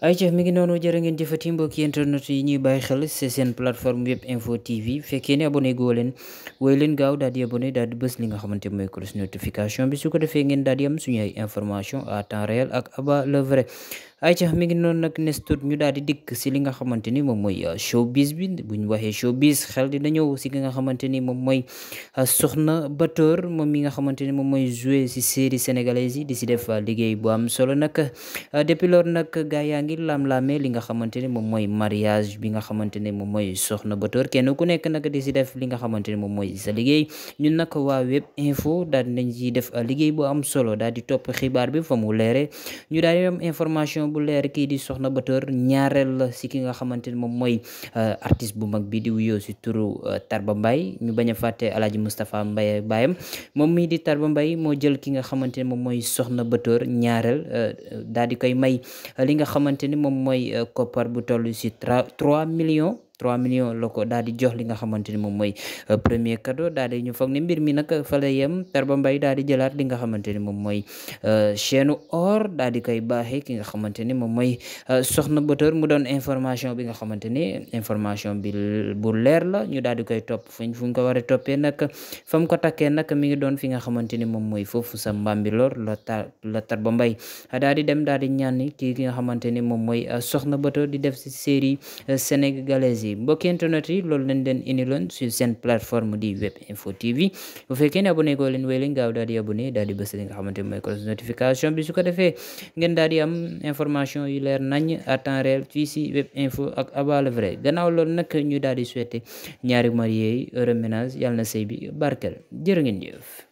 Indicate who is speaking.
Speaker 1: ay mi ngi noonu jërë ngeen jëfati mbokki internet yi ñuy bàyyi xel ci seen plateforme web info tv fekkee ne abonné goo leen wooy leen gaaw daal di abonné daal bës li nga xamante mooy cloche notification bi su ko defee ngeen daal di am suñu ay information à temps réel ak aba le ayca mi ngi noonu nag nes tuut ñu daal dikk si li nga xamante ni moom mooy euh, showbiz bi bu ñu waxee showbiz xel dina ñëw si ki nga xamante ni moom mooy euh, Soxna Bator moom mi nga xamante ni moom mooy joué si série sénégalaise yi di si def euh, liggéey bu am solo nag depuis loolu nag gaa yaa ngi lam-laamee li nga xamante ni moom mooy mariage bi nga xamante ni moom mooy Soxna Bator kenn ku nekk nag di si def li nga xamante ni moom mooy sa liggéey ñun nag waa web info daal nañ si def liggéey bu am solo daal di topp xibaar bi fa mu leere ñu daal di information bu leer kii di soxna Bator ñaareel la si ki nga xamante ni moom mooy euh, artiste bu mag bi di wuyoo si turu euh, Tarba Mbaye ñu bañ a fàtte Alaaji Moustapha Mbaye baayam moom mii di Tarba Mbaye moo jël ki nga xamante ni moom mooy soxna Bator ñaareel euh, daal di koy may li nga xamante ni moom mooy koppar bu toll si trois millions 3 millions la ko daal di jox li nga xamante ni moom mooy euh, premier cadeau daal di ne mbir mi nag fa la yem Tarba Mbaye daal di jëlaat li nga xamante ni moom mooy euh, chaîne or daal di koy nga xamante ni moom mooy euh, soxna Bator bi bu leer la ñu daal di koy topp fuñ fuñ ko war a nag fa ko takkee nag mi ngi doon fi nga xamante ni moom mooy foofu sa Mbambilor la ta la Tarba Mbaye daal di dem ni moom mooy soxna Bator di def ci série sénégalaise yi mbokki internet yi loolu lañ leen indiloon sur seen plateforme di web info tv fekkee ne abonné ko leen wéy gaaw daal di abonné daal xamante mooy cloche notification bi su ko ngeen daal am information yu nañ à temps réel web info ak vrai gannaaw loolu nag ñu daal di ñaari marié yi heureux ménage yàlla na sëy